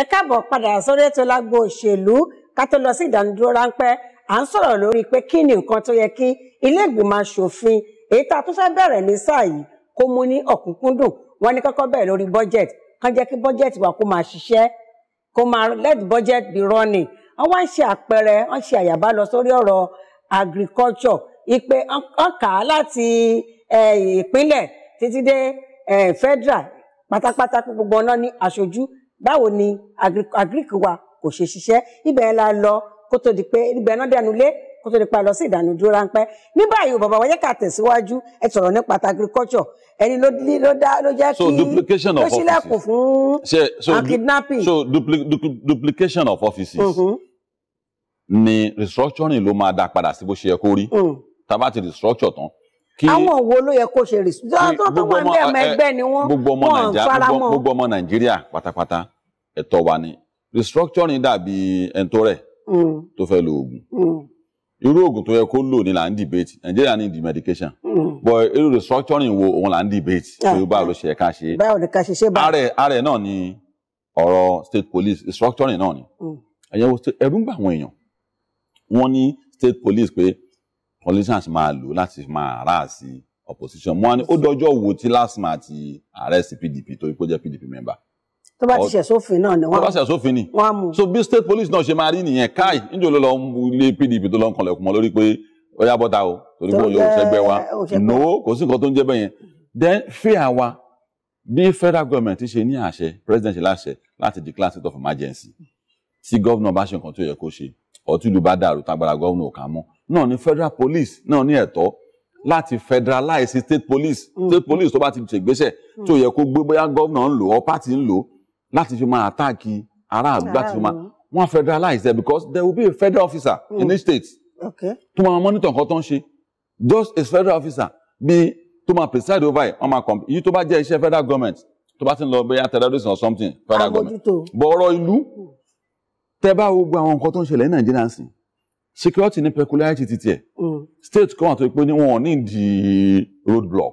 ẹ káàbọ̀ padà sórí ètò lágbo òṣèlú ká tó lọ sí ìdánidúró ráńpẹ́ à ń sọ̀rọ̀ lórí pé kí ni nǹkan tó yẹ kí ilé ìgbìmọ̀ asòfin èyí tá a tún fẹ́ bẹ̀rẹ̀ ní sáà yìí kó mú ní ọ̀kúnkúndùn wọn ní kọ́kọ́ bẹ̀rẹ̀ lórí budget kán jẹ́ kí budget wa kó máa ṣiṣẹ́ kó máa let budget be running wọ́n wá ń ṣe àpẹẹrẹ wọ́n ṣe àyàbá lọ sórí ọ̀rọ̀ agriculture ìpè ọkà láti ìpínlẹ̀ títí dé federal pátápátá gbogbo ọ̀nà ní aṣojú báwo ni agric wa kò ṣe ṣiṣẹ́ ibẹ̀ la lọ kó tó di pé ibẹ̀ náà dẹnu lé kó tó di pa lọ sí ìdánudúró ráńpẹ́ ní báyìí bàbá wa yẹ ká tẹ̀síwájú ẹ sọ̀rọ̀ nípa agriculture ẹni ló dá ló jẹ́ kí ló ṣílẹ̀kùn fún kidnapping. so duplication of offices mm-hmm. ni restructuring ló máa dá padà sí bó ṣe yẹ kó rí mm. tá a bá ti restructure tán kí àwọn wo ló yẹ kó ṣe rìsítáàtì tó tó wà ní ẹmọ ẹgbẹ́ ni wọ́n wọ́n fara mọ́ gbogbo ọmọ nàìjíríà pátápátá ẹ̀tọ́ wa ni restructuring dàbí ẹntọrẹ mm. tó fẹ́ lo oògùn mm. irú oògùn tó yẹ kó lò ní là ń debate Nigeria need medication mm. but irú restructuring wo òun là ń debate tó ah. báwo ló ṣe ká ṣe báwo ló ká ṣe ṣe báwo. ààrẹ ààrẹ náà ni ọ̀rọ̀ state police restructuring náà ni ẹ̀yẹ́wò ẹ̀rú ń gbà àwọn èèyàn wọ́n ní state police pé politicians máa lò láti máa rà sí opposition mo wá ní ó dọjọ́ wo tí LASTMA àti ààrẹ sí PDP torí pé ó jẹ́ PDP member. tó bá ti ṣẹ̀ sófin náà ni wọ́n tó bá ṣẹ̀ sófin ni wọ́n mú. so bí state police náà ṣe máa rí nìyẹn káì níjọ́ ló lọ ń lé PDP tó lọ ń kanlẹ̀kùn mọ́ lórí pé ó yá bọ́ta o torí pé ó yọ òṣègbè wa no kò sí nǹkan tó ń jẹ́ bẹ́yẹn then fear wa bí federal government ṣe ní àṣẹ president ṣe láṣẹ láti declare state of emergency tí governor bá ṣe nǹkan tó yẹ kó ṣe ọtí ìlú bá dàrú tágbára governor ò kà mọ́ náà ni federal police náà ní ẹ̀tọ́ láti federalize state police mm. state police tó bá ti ṣègbésẹ̀ mm. tí ó yẹ kó gbé bóyá gómìnà ń lò ọ́ pàtì ń lò láti fi máa àtáàkì aráàlú láti fi máa wọ́n federalize there because there will be a federal officer mm. in each state tó máa monitor nǹkan tó ń ṣe just a federal officer bí tó máa preside over it wọ́n máa come. èyí tó bá jẹ́ iṣẹ́ federal government tó bá ti ń lọ bóyá terrorism or something federal government bọ̀ ọ̀rọ̀ ìlú mm. tẹ bá gbogbo àwọn nǹkan tó ń ṣẹlẹ̀ ní nàìjíríà ń sìn security ní peculiarity ti tiẹ̀ mm. state kan àti pé wọn ò ní di road block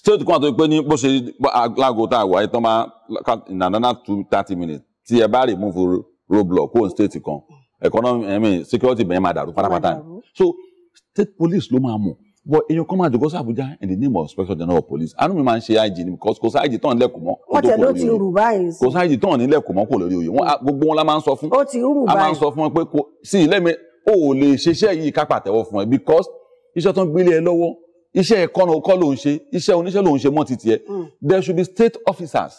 state kan àti pé ní bó ṣe láago tá a wà ìtàn máa in another two thirty minutes tí ẹ bá remove road block kó n state kan mm. economy I mean security bẹ̀yẹn máa dàrú pátápátá so state police ló máa mọ̀ but èèyàn kan máa jòkó sí Àbújá in the name of inspector general of police àánú mi máa ń ṣe IG ni because kò sáàjì tán nílẹ̀kùn mọ́. wọ́n tẹ̀ ló ti rù báyìí. kò sáàjì tán nílẹ̀kùn mọ́ kò lórí oyè wọn gbogbo wọn la máa ń sọ fún. ó ti rù báyìí. a máa ń sọ fún wọn pé kò sí ilé mi ò lè ṣiṣẹ́ yìí ká pàtẹ́wọ́ fún ẹ because iṣẹ́ tó ń gbélé ẹ lọ́wọ́ iṣẹ́ ẹ̀kọ́nà ọkọ́ ló ń ṣe iṣẹ́ oníṣẹ́ ló ń ṣe mọ́ titi ẹ mm. there should be state officers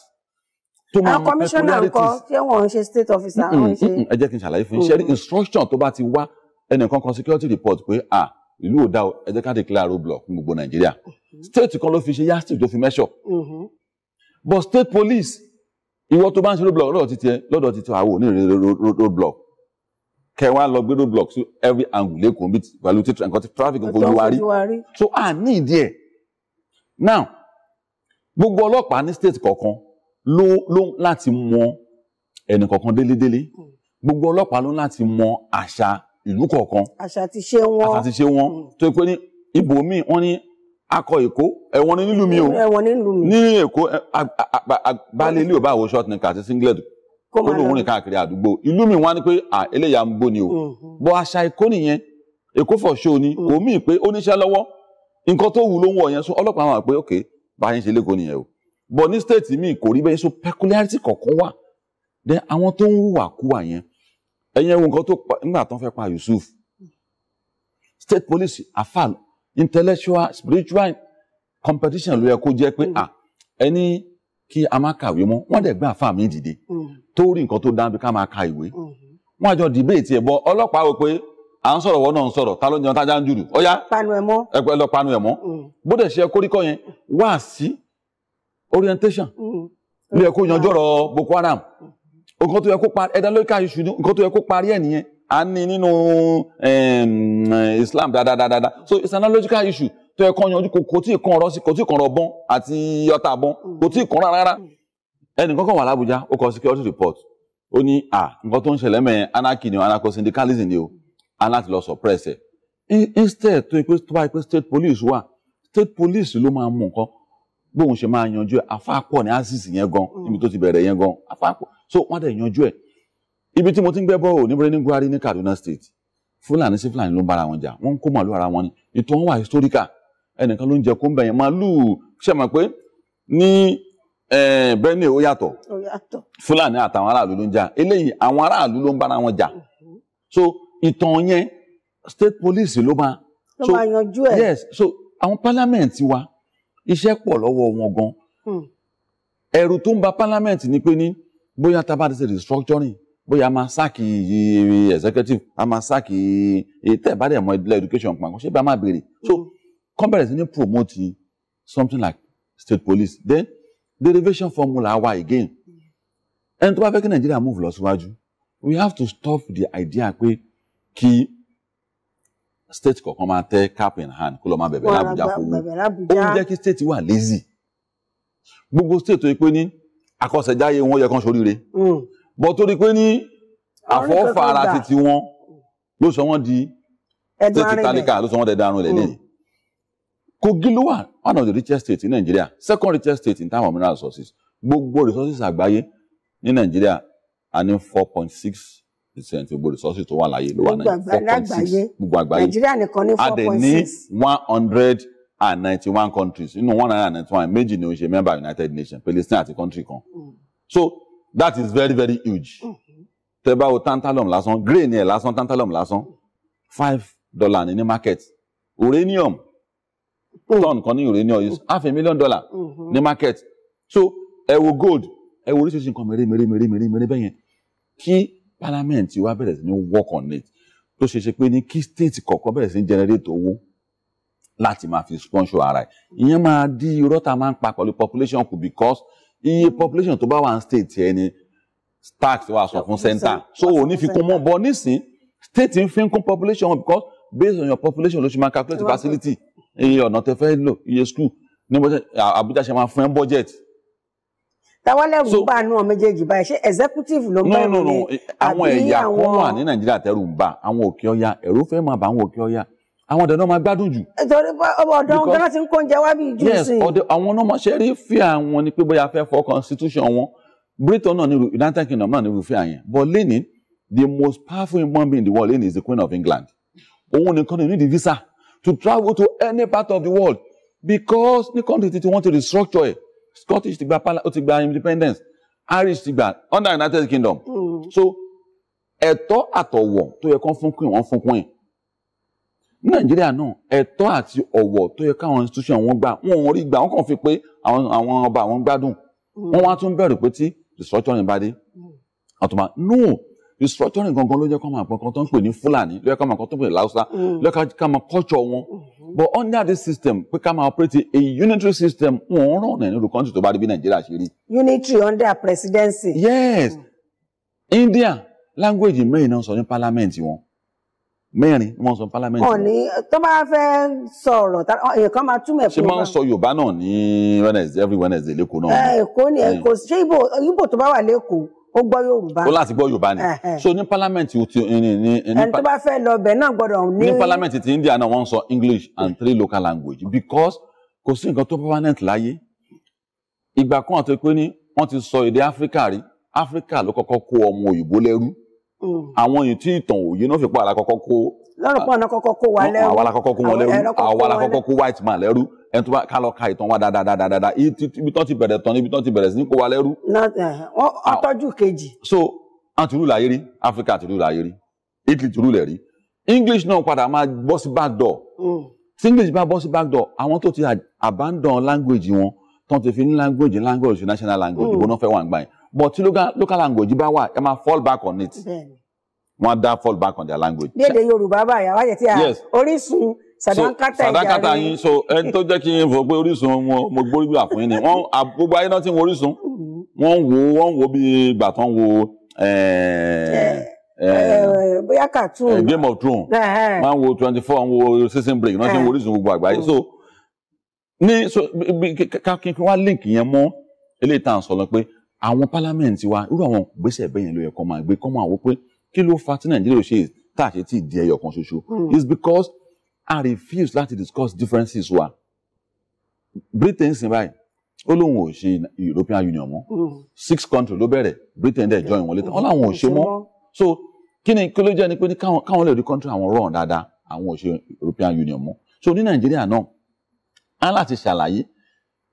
tó máa mọ peculiarities. àwọn kọmíṣánná state officer. ẹ jẹ́ kí n ṣàlàyé fún yín ṣe mm. instruction tó bá ti wá security report ah ìlú ò dá o ẹ jẹ́ ká declare roadblock ní gbogbo nàìjíríà state kan ló fi ṣe yastic tó fi measure mm-hmm. but state police ìwọ tó bá ń ṣe roadblock lọ́dọ̀ títí ẹ lọ́dọ̀ títí àwọ ò ní roadblock kẹ wá lọ gbé roadblock sí every angle lẹ́kọ̀ọ́ bí pẹ̀lú tí nǹkan tí traffic ń fojú wa rí so a ní ìdí ẹ̀ now gbogbo ọlọ́pàá ní state kọ̀ọ̀kan ló ló láti mọ ẹnì kọ̀ọ̀kan délédélé mm. gbogbo ọlọ́pàá ló láti mọ àṣà ìlú kọ̀ọ̀kan àṣà àti ṣe wọn àṣà àti ṣe wọn hmm. tó pé ní ibòmíì wọ́n ní akọ èkó ẹ̀wọ̀n ní nílùú mi o ẹ̀wọ̀n ní nílùú mi ní èkó baálé ilé ò bá wo short nìkan àti singlet kó lóun rìn káàkiri àdúgbò ìlú mi wọ́n á ní pé eléyà ń gbó ni o hmm. bọ àṣà èkó nìyẹn èkó for show ni kò hmm. pé ó níṣẹ́ lọ́wọ́ nǹkan tó wù ló ń wọ̀ yẹn sún ọlọ́pàá máa pé ok bá a ṣe ń nìyẹn o bọ̀ ní state mi kò rí bẹ́ẹ̀ so peculiarity kọ̀ọ̀kan wà then àwọn tó ń hùwà kúwà yẹn ẹ̀yin ẹ̀wọ̀n nǹkan tó pa nígbà tó ń fẹ́ pa Yusuf state police afal intellectual spiritual competition ló yẹ kó jẹ́ pé mm. ẹni kí a máa kàwé mọ́ wọ́n dẹ̀ gbé àfa mi dìde mm. tó rí nǹkan tó dábí ká máa ka ìwé mm-hmm. wọ́n àjọ debate ẹ̀ bọ́ ọlọ́pàá wò pé à ń sọ̀rọ̀ wọ́n náà ń sọ̀rọ̀ ta ló ń jẹun tájà ń jùlù ọ̀yá panu ẹ̀ mọ́ mm. bó dẹ̀ ṣe kórìkọ́ yẹn wá sí orientation ló yẹ kó yanjú ọ̀rọ̀ Boko Haram nǹkan tó yẹ kó parí ẹ̀dá lórí káyọ̀ ṣùdú nǹkan tó yẹ kó parí ẹ̀ nìyẹn à ń ní nínú Islam dáadáa so it's an analogical issue tó yẹ kó yanjú kò tí ì kan ọ̀rọ̀ sí kò tí ì kan ọ̀rọ̀ bọ́n àti ọta bọ́n kò tí ì kan rárá ẹnìkan kan wà lábújá ó kọ security report ó ní à nǹkan tó ń ṣẹlẹ̀ mẹ́ anarchy ni o anarcho-syndicalism ni o a láti lọ suppress ẹ̀ instead tó yẹ tó bá yẹ pé state police wà state police ló máa mú nǹkan bóun ṣe máa yanjú afáàpọ̀ ní asisi yẹn gan níbi tó ti bẹ̀rẹ̀ yẹn gan afáàpọ̀ so wọ́n dẹ̀ yanjú ẹ̀ ibi tí mo ti ń gbẹ́ bọ́ọ̀ ní Birnin Gwari ní Kaduna State Fúlàní sí Fúlàní ló ń bára wọn jà wọ́n ń kó màálù ara wọn ni ìtàn wà historical ẹnìkan ló ń jẹ kó ń bẹ̀yẹn màálù ṣe mọ̀ pé ní Benue ó yàtọ̀ Fúlàní àtàwọn aráàlú ló ń jà eléyìí àwọn aráàlú ló ń bára wọn jà so ìtàn yẹn state police ló máa ló máa yanjú ẹ yes so àwọn parliament wa iṣẹ́ pọ̀ lọ́wọ́ wọn gan hmm. ẹ̀rù tó ń ba parliament ni pé ní bóyá tá a bá ti ṣe restructuring bóyá a máa sáàkì executive a máa sáàkì tẹ̀ bá dẹ̀ mọ ilé education pàǹkó ṣé bí a máa béèrè so companies mm-hmm. ní promote something like state police then derivation formula wa again mm-hmm. ẹni tó bá fẹ́ kí nàìjíríà move lọ síwájú we have to stop the idea pé kí state kọ̀ọ̀kan máa tẹ cap in hand kó lọ máa bẹ̀bẹ̀ lábújá fún mi ó ń jẹ́ kí state wà lazy gbogbo state tó yẹ pé ní akọ́ṣẹ́jáyé wọn yẹ kán ṣoríire hmm. bọ́ torí pé ní àfọ́fàrà títí wọn ló sọ wọ́n di títí tálíkà ló sọ wọ́n dẹ̀dá arun ilẹ̀ lẹ́yìn hmm. Kogi ló wà one of the richest states in Nigeria second richest state in terms of mineral resources gbogbo resources àgbáyé ní Nigeria a ní four point six percent gbogbo resources tó wà láyé ló wà ní four point six gbogbo àgbáyé Nigeria nìkan ní four point six a dẹ̀ ní one hundred and ninety one countries know, one hundred and ninety one méjì ni ó ṣe member United Nations Palestine àti country kan mm. so that is very very huge mm-hmm. tẹ́ bá wo tantalum lásán grey ni ẹ̀ lásán tantalum lásán five dollar ní ní market uranium mm. ton kan ní uranium is mm. half a million dollar mm-hmm. ní market so ẹ wo gold ẹ wo oríṣiríṣi nǹkan mèrè mèrè mèrè mèrè mèrè bẹ́yẹn kí parliament wa bẹ̀rẹ̀ sí ní work on it tó ṣe ṣe pé ní kí state kọ̀ọ̀kan bẹ̀rẹ̀ sí ní generate owó láti máa fi sponsor ara ẹ̀ ìyẹn máa dí irọ́ tá máa ń pa pẹ̀lú population kù because iye population tó bá wà ní state yẹn ni tax wà sọ fún center so ò ní fi kún mọ́ bọ́ nísìn state ń fi ń kún population wọn because based on your population ló ṣe máa calculate facility iye ọ̀nà tẹ fẹ́ lò iye school ní Abuja ṣe máa fún ẹ budget tawalẹrù ń bá àánú ọ méjèèjì báyìí ṣé executive ló bẹ̀rù ni àbí àwọn ẹ̀yà kan wà ní Nàìjíríà tẹ̀rù ń bà àwọn òkè ọya ẹ̀rù fẹ́ máa bà àwọn òkè ọya àwọn ọ̀dọ́ náà máa gbádùn jù. nítorí ọmọ ọ̀dọ́ wọn gan ti ń kóúnjẹ wá bí jù sí. yes àwọn náà máa ṣe rí fíà wọn ni pé bóyá fẹ́ fọ́ constitution wọn Britain náà ní United Kingdom náà ní irúfẹ́ àyẹn but Lenin, the most powerful human being in the world Lenin is the Queen of England òun nìkan ní the visa to travel to any part of the world because ní country ti ti wọ́n ti restructure ẹ̀ Scottish ti gba ó ti gba independence Irish ti gba under United Kingdom hmm. so ẹ̀tọ́ àtọ̀wọ̀ tó yẹ kán fún queen wọ́n fún queen ní nàìjíríà náà ẹ̀tọ́ àti ọ̀wọ̀ tó yẹ káwọn institution wọn gbà wọn ò rí gbà wọn kàn fi pé àwọn ọba àwọn gbádùn wọn wá tún bẹ̀rù pé tí restructuring bá dé àtùmá no restructuring gangan ló jẹ́ kó máa kankan tó ń pè ní fúlàní ló yẹ ká máa kankan tó ń pè ní láwùsá ló yẹ ká máa culture wọn but under this system pé ká operate a unitary system wọn ń ràn nínú country tó bá rí bí nàìjíríà ṣe rí. unitary under presidency. yes mm. india language mẹ́rin náà sọ ní parliament wọn mẹ́rin wọ́n sọ parliament. wọn ní tó bá fẹ́ sọ̀rọ̀ èèyàn kan máa túmọ̀ ẹ̀kọ́. ṣé máa ń sọ yorùbá náà ní wednesday every wednesday lẹ́kọ̀ọ́ náà. èkó ni èkó ṣé ibo ibo tó bá wà lẹ́kọ̀ọ́ ó gbọ́ yorùbá. ó láti gbọ́ yorùbá ni so ní parliament o ti ní ní. ẹni tó bá fẹ́ lọ bẹ̀ náà gbọ́dọ̀ ní. ní parliament ti india náà wọ́n sọ english and three local language because kò sí nǹkan tó permanent láyé ìgbà kan àti pé ní wọ́n ti sọ èdè áfíríkà rí áfíríkà ló kọ́kọ́ kó ọmọ òyìnbó lẹ́rú Mm. àwọn èyí tí ìtàn òye náà fi pa àlàkọ́kọ́ kó lọ́rùn pọ̀ náà kọ́kọ́ kó wa lẹ́rú àwa la kọ́kọ́ kó wọn lẹ́rú àwa la kó white man lẹ́rú ẹni tó bá ká lọ ka ìtàn wa dáadáa ibi tó ti bẹ̀rẹ̀ tán ibi tó ti bẹ̀rẹ̀ sí ní kó wa lẹ́rú. Eh, ọtọ́jú ah. kejì. so àwọn tìrú la yé rí Africa tìrú la yé rí Italy tìrú lẹ̀ rí English náà padà máa bọ́ sí back door mm. tí English bá bọ́ sí back door àwọn tó ti abandon language wọn tó ti fi ní language language national language mm. ìbọn náà fẹ́ wà ń gbà yẹn but tí local local language bá wà ẹ máa fall back on it wọn á dá fall back on their language. ní èdè yorùbá báyà wáyé tí a orísun sàdánkátà ìjà rẹ sàdánkátà yín so ẹni tó jẹ́ kí n fọ pé orísun wọn mo gbórí gbà fún yín ni wọn gbogbo ayé náà ti ń wo orísun mm-hmm. wọn ń wo wọn ń wo bí ìgbà tó ń wo eh, eh, eh, bóyá cartoon game of thrones wọn ń wo twenty four wọn ń wo season break náà ti ń wo orísun gbogbo àgbáyé so mm-hmm. ní so kí n wá link yẹn mọ́ eléyìí tá à ń sọ lọ pé àwọn parliament wa irú àwọn ìgbésẹ̀ bẹ́ẹ̀ yẹn ló yẹ kó máa gbé kó máa wò pé kí ló fa tí nàìjíríà ò ṣe tá a ṣe tí di ẹyọ kan ṣoṣo hmm. it's because i refuse láti discuss differences wa britain sin báyìí ó lóun ò ṣe european union mọ́ hmm. six countries ló bẹ̀rẹ̀ britain dẹ̀ join wọn létí wọn làwọn ò ṣe mọ́ so kí ni kí ló jẹ́ ni pé káwọn lè rí country àwọn rọrùn dáadáa àwọn ò ṣe european union mọ́ so ní nàìjíríà náà á láti ṣàlàyé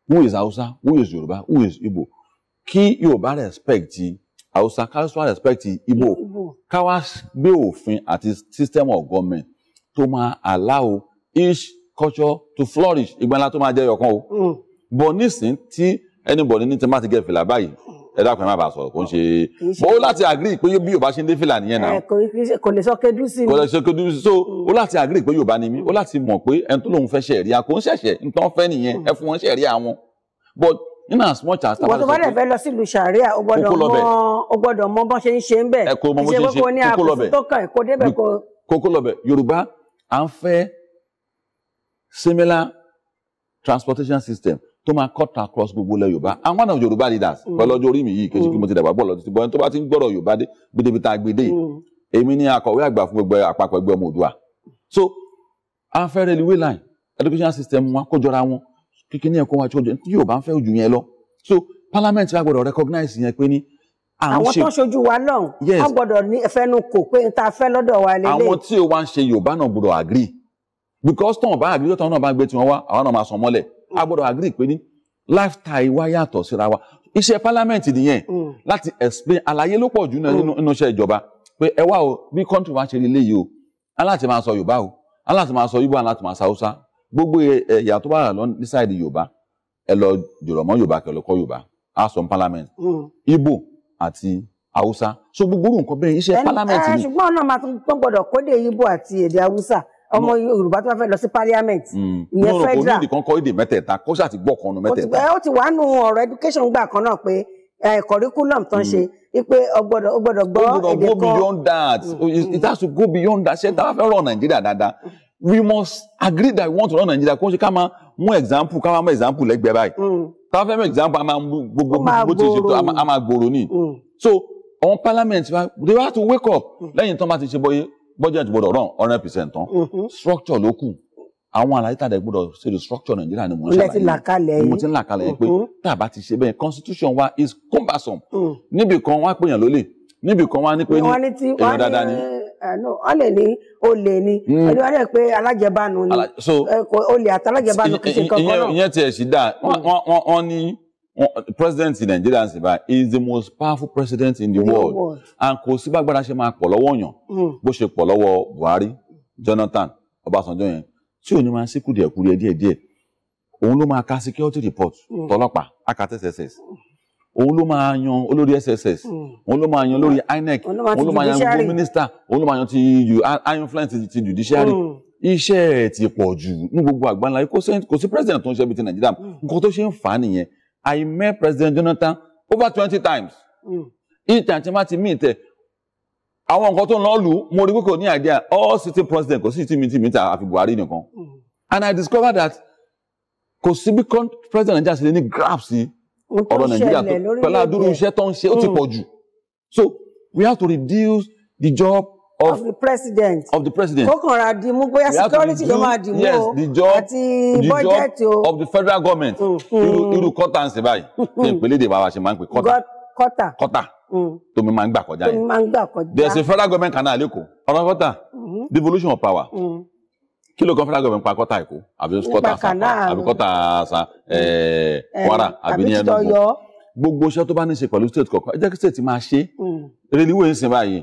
who is hausa who is Yoruba, who is igbo kí yorùbá respect hausa káwá respect ibo káwá gbé òfin àti system of government tó máa allow each culture to flourish ìgbàlá tó máa jẹ́ yọkan o mm. bọ̀ nísìn tí anybody ní tí wọ́n bá ti gẹ̀ fìlà báyìí ẹ dákun ẹ má bàa sọ̀rọ̀ kò ń ṣe bó láti agree pé bí yorùbá ṣe ń dé fìlà nìyẹn náà. Eh, kò lè sọ kedu sí mi. kò lè sọ kedu sí mi so mm. ó láti agree pé yorùbá ni mí ó láti mọ̀ pé ẹni tó lòun fẹ́ ṣẹ̀ríà kò ń ṣẹ̀ṣẹ̀ nǹkan fẹ́ nìyẹn mm. ẹ fún wọn ṣẹ̀ríà wọn but in as much as tàbá lọ sọ pé wọ́n tó bá dẹ̀ fẹ́ lọ sílùú sàríà o gbọ́dọ̀ mọ bọ́n ṣe ń ṣe ń bẹ̀ ṣe kókó ní àkóso tó kàn kó débẹ̀ kó. kókó lọ́bẹ̀ Yorùbá à ń fẹ́ similar transportation system tó máa cut across gbogbo ilẹ̀ Yorùbá and one of Yorùbá leaders pẹ̀lú mm. ọjọ́ orí mi yìí kejì kí mo ti dàgbà bọ̀ lọ́dún tí bọ́n tó bá ti ń gbọ́rọ̀ Yorùbá dé gbedebita gbede mm. èmi ni akọ̀wé àgbà fún gbogbo àpapọ̀ ẹgbẹ́ ọmọ Oòduà so a fẹ́ railway line education system wọn kó jọra wọn kíkíní ẹ̀kọ́ wa àti ọjọ́ tí yóò bá ń fẹ́ ojú yẹn lọ so parliament wa gbọ́dọ̀ recognize yẹn pé ní àwọn tó ń ṣojú wa náà wọn gbọ́dọ̀ ní fẹnu kò pé n ta fẹ́ lọ́dọ̀ wa lélẹ̀. àwọn tí o wá ń ṣe yorùbá náà gbọ́dọ̀ agree because tọ́wọ̀n bá agree tọ́wọ́n náà bá gbé tiwọn wá àwọn náà máa sọ mọ́lẹ̀ a gbọ́dọ̀ agree pé ní lifestyle wa yàtọ̀ síra wa iṣẹ́ parliament nìyẹn mm. láti explain àlàyé ló pọ̀ jù nínú iṣẹ́ ìjọba pé ẹ country wa ṣe rí léyìí o aláàtì máa sọ yorùbá o gbogbo ẹ̀yà eh, eh, tó bá wà lọ ní sáìdì yorùbá ẹ lọ jùlọ mọ́ yorùbá kẹ́ lọ kọ́ yorùbá house of parliament hmm. ibo àti haúsá so gbogbo orú nǹkan bẹ́ẹ̀ iṣẹ́ parliament eh, ni. ṣùgbọ́n ọ̀nà máa tún gbọ́dọ̀ kóde ibo àti èdè haúsá ọmọ yorùbá tó bá fẹ́ lọ sí parliament hmm. ìyẹn federal. nínú onídìí kan kọ́ èdè mẹ́tẹ̀ẹ̀ta kó ṣáà ti gbọ́ kan nù mẹ́tẹ̀ẹ̀ta. ó ti wà nù ọ̀rọ̀ education gbà kan náà pé curriculum tó ń ṣe ipe hmm. ọgbọ́dọ̀ ọgbọ́dọ̀ gbọ́ èdè kan. ó gbọ́dọ̀ go beyond that it has to go beyond that ṣé tá fẹ́ rọ̀ nàìjíríà dáadáa we must agree that we want to run Nigeria kó ṣe ká máa mú example ká máa mú example lẹ́gbẹ̀ẹ́ báyìí mm. ká fẹ́ mú example a máa mú gbogbo gbogbo tí o ṣe tó a máa gbòòrò ni mm. so àwọn parliament they have to wake up mm. lẹ́yìn tán bá ti ṣe bọ́yé budget gbọ́dọ̀ run hundred percent tán mm-hmm. structure ló kù àwọn àlàyé tàdé gbọ́dọ̀ ṣe the structure Nigeria ni mo ń ṣàlàyé mo ti ń là kalẹ̀ yìí pé mm-hmm. tá a bá ti ṣe bẹ́ẹ̀ constitution wa is cumbersome níbì kan wá pèèyàn lólè níbì kan wá ní pé ní èèyàn dáadáa ni. Eh, ọlẹ ní olè ni ẹni wọn rẹ pé alájẹbánu ni eh, olè àti alájẹbánu kì í ṣe kankan náà. ìyẹn tiẹ̀ sì dáa wọ́n hmm. ní president in Nigeria ṣe báyìí is the most powerful president in the, world. and kò sí gbàgbára ṣe máa pọ̀ lọ́wọ́ yàn hmm. bó ṣe pọ̀ lọ́wọ́ Buhari Jonathan Ọbásanjọ́ yẹn tí ò ní máa ṣe kùdìẹ̀kudiẹ̀ díẹ̀díẹ̀ òun ló máa ka security report hmm. tọlọ́pàá akatẹ́sẹsẹ òun ló máa yan olórí SSS hmm. òun ló máa yan olórí hmm. INEC òun ló máa yan gbogbo mínísítà òun ló máa yan ti influence ti judiciary hmm. iṣẹ́ ẹ̀ ti pọ̀ jù ní gbogbo àgbáńlá kò sí president tó ń ṣe bíi ti Nàìjíríà nǹkan tó ṣe ń fà á nìyẹn I met President Jonathan over twenty times each time tí wọ́n ti meet ẹ̀ àwọn nǹkan tó ń lọ lù mo rí kókò ní idea all sitting president kò sí ti meeting meeting àfi Buhari nìkan and I discovered that kò sí bí president Nàìjíríà ṣe lè ní graph sí ọ̀rọ̀ nàìjíríà pẹ̀lú àdúró iṣẹ́ tó ń ṣe ó ti hmm. pọ̀ jù so we have to reduce the job of, of the president of the president kókànra dìmú bóyá security ló máa dìmú o àti budget o of the federal government hmm. irú kọ́tà hmm. ń ṣe báyìí ní ìpínlẹ̀ èdè bàbá ṣe máa ń pè kọ́tà kọ́tà kọ́tà tó máa ń gbà kọjá yẹn tó máa ń gbà kọjá there is a federal government canal lẹ́kọ̀ọ́ ọ̀rọ̀ kọ́tà devolution of power. Mm kí ló kan federal government pa kọ́tà èkó àbí kọ́tà sapa àbí kọ́tà sa kwara àbí ní ẹnu gbogbo iṣẹ́ tó bá ní í ṣe pẹ̀lú state kọ̀ọ̀kan ẹ jẹ́ kí state máa ṣe hmm. rélíwé ń sìn báyìí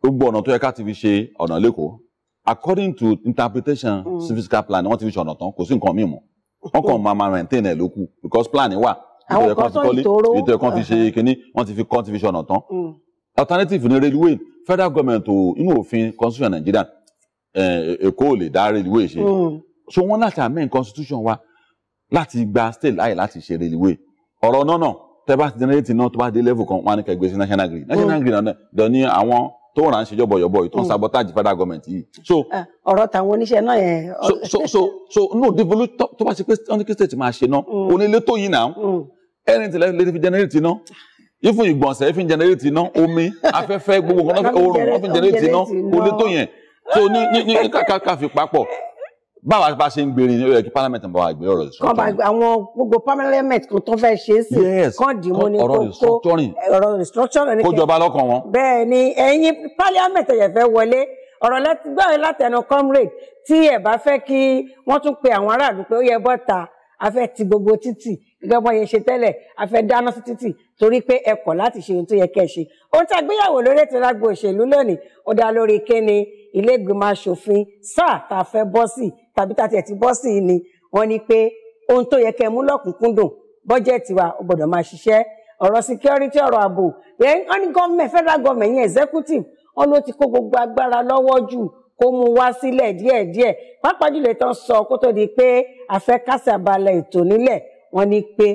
gbogbo ọ̀nà tó yẹ ká ti fi ṣe ọ̀nà lẹ́kọ̀ọ́ according to interpretation physical hmm. plan wọ́n ti fi ṣe ọ̀nà tán kò sí nǹkan mímu wọ́n kàn máa maintain ẹ̀ lókù because plan wà àwọn kan tó ìtòrò ètò ẹ̀kan fi ṣe kínní wọ́n ti fi kọ́ ti fi ṣe ọ̀nà tán hmm. alternative ní railway federal government ò inú òfin constitution Nigeria èkó ò lè dá railway ṣe mm. so wọ́n láti amend constitution wa láti gba state láyè láti ṣe railway ọ̀rọ̀ náà náà tẹ bá ti generate náà tó bá dé level kan wọn á ní kẹgbẹ́ sí national grid national mm. grid náà dọ̀ ní àwọn tó ràn án ṣe yọ̀bọ̀yọ̀bọ̀ ìtàn sabotage federal government yìí. so ah, ọ̀rọ̀ tàwọn oníṣẹ́ náà yẹn. so so so no develop tó bá ṣe pé ọ́nìkì state máa ṣe náà onílé mm. tó yìí náà ẹni tí lè fi generate náà ìfún ìgbọ̀nsẹ̀ fi generate náà omi afẹ́fẹ́ gbogbo nǹkan náà oorun wọ́n fi generate náà onílé tó yẹn so ní ní ní ká fi papọ̀ báwa bá ṣe ń gbèrè ní ọ̀rẹ́ kí parliament bá wa gbé ọ̀rọ̀ restructuring. kọ́ba àwọn gbogbo parliament kan tó fẹ́ ṣe é sí. yes ọ̀rọ̀ restructuring. ọ̀rọ̀ restructuring ni kí. kójọba lọ́kàn wọn. bẹ́ẹ̀ ni ẹ̀yin parliament ẹ̀yẹ̀ fẹ́ wọlé ọ̀rọ̀ gbọ́dọ̀ látẹnu comrade tí ẹ̀ bá fẹ́ kí wọ́n tún pe àwọn aráàlú pé ó yẹ bọ́ta a fẹ́ ti gbogbo títì gẹ́gẹ́ bọ́ yẹn ṣe tẹ́lẹ̀ a fẹ́ dáná sí títì torí pé ẹ kọ̀ láti ṣe ohun tó yẹ kẹ́ ẹ ṣe ohun tá a gbéyàwó lórí ètò ìrágbó òṣèlú lónìí ó dá lórí kíni ilé ìgbìmọ̀ asòfin sáà tá a fẹ́ bọ́ sí tàbí tá a tiẹ̀ ti bọ́ sí ni wọ́n ní pé ohun tó yẹ kẹ́ ẹ mú lọ́kùnkúndùn bọ́jẹ̀tì wa ó gbọ́dọ̀ máa ṣiṣẹ́ ọ̀rọ̀ security ọ̀rọ̀ ààbò wọ́n ní gọ́ọ̀mẹ̀ federal government yẹn executive wọ́n ló ti kó gbogbo agbára lọ́wọ́ jù kó mú wá sílẹ̀ díẹ̀díẹ̀ pápá jùlọ ìtàn sọ kó tó di pé afẹ́ kásẹ̀ abalẹ̀ ètò nílẹ̀ wọ́n ní pé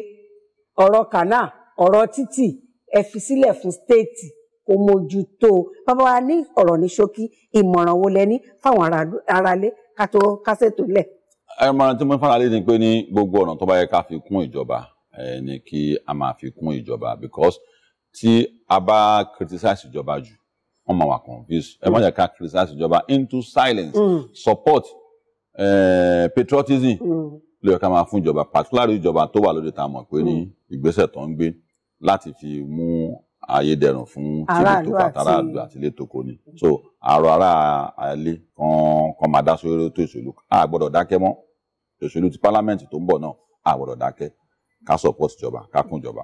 ọ̀rọ̀ kànáà ọ̀rọ̀ títì ẹ fi sílẹ̀ fún stéètì kó mójútó bàbá wa ní ọ̀rọ̀ ní ṣókí ìmọ̀ràn wo lẹ ní fáwọn aráalé ká tó kásẹ̀ tó lẹ̀. ẹ̀mọ̀ràn tí mo ń fara ni pé ní gbogbo ọ̀nà tó bá yẹ ká fi kún ìjọba ni kí a máa fi kún ìjọba because tí a bá criticize ìjọba jù wọ́n máa wà confused ẹ má jẹ́ ká criticize ìjọba into silence mm. support eh, patriotism mm. ló yẹ ká máa fún ìjọba particularly ìjọba tó wà lóde tá a mọ̀ pé ní mm. ìgbésẹ̀ tó ń gbé láti fi mú ayédẹrùn fún tìlétòkò àtàràlù àti ìlétòkò ni so àrò ara àlè kan kan máa dá sórí tó ìṣèlú a gbọ́dọ̀ dákẹ́ mọ́ ìṣèlú ti pálámẹ́ǹtì tó ń bọ̀ náà a gbọ́dọ̀ dákẹ́ ká support ìjọba ká kún ìjọba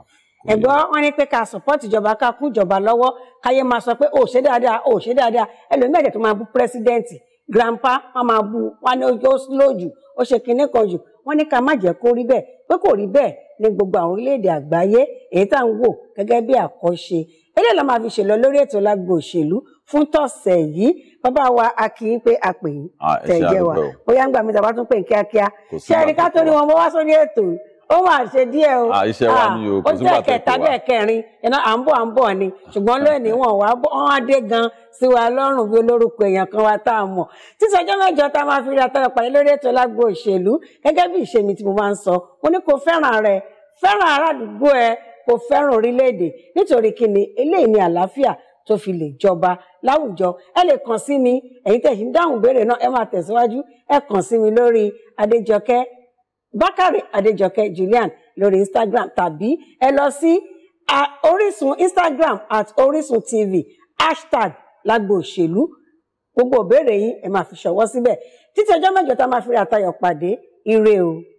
ẹ̀gbọ́n wọn ní pé ká sọ̀pọ́tì ìjọba ká kún ìjọba lọ́wọ́ káyé máa sọ pé ò ṣe dáadáa ò ṣe dáadáa ẹlòmíì ẹ̀jẹ̀ tó máa bú pírẹ́sídẹ́ǹtì grandpa wọn máa bú wọn ní ó slow jù ó ṣe kinní kan jù wọn ní ká má jẹ́ kó rí bẹ́ẹ̀ pé kò rí bẹ́ẹ̀ ní gbogbo àwọn orílẹ̀ àgbáyé èyí tá à ń wò gẹ́gẹ́ bí àkọ́ṣe eléyìí la máa fi ṣèlọ lórí ètò lágbo òṣèlú fún tọ̀sẹ̀ yìí bàbá wa a kì í pé a pè yín ah, tẹ̀jẹ̀ wa bóyá ń gbà mí tàbá tún pè kíákíá ṣe é ká tó ní wọn mọ́ wá sórí ètò ó mà ṣe díẹ̀ o iṣẹ́ wa ni o kò tún bàtẹ́ tó wa ó tẹ̀ kẹta bẹ́ẹ̀ kẹrin iná à ń bọ̀ à ń bọ̀ ni ṣùgbọ́n lónìí wọn wá bọ́ wọn dé gan sí wa lọ́rùn bí olórúkọ èèyàn kan wa tá a mọ̀ títí ọjọ́ mẹ́jọ tá a máa fi rí atọ́jọ́ pàdé lórí ètò lágbo òṣèlú gẹ́gẹ́ bí ìṣe tí mo máa ń sọ mo ní kò fẹ́ràn rẹ fẹ́ràn ará àdúgbò ẹ kò fẹ́ràn orílẹ̀-èdè nítorí kíni eléyìí ni àlàáfíà tó fi lè jọba láwùjọ ẹ lè kàn sí mi ẹ̀yin tẹsí dáhùn béèrè náà ẹ máa tẹ̀síwájú ẹ kàn sí mi lórí Adéjọkẹ́ bákàrè adéjọkẹ́ julian lórí instagram tàbí ẹ lọ sí orísun instagram at orísun tv hashtag lágbo òṣèlú gbogbo òbéèrè yín ẹ máa fi ṣọwọ́ síbẹ̀ títí ọjọ́ mẹ́jọ tá a máa fi rí àtayọ̀ pàdé ire o.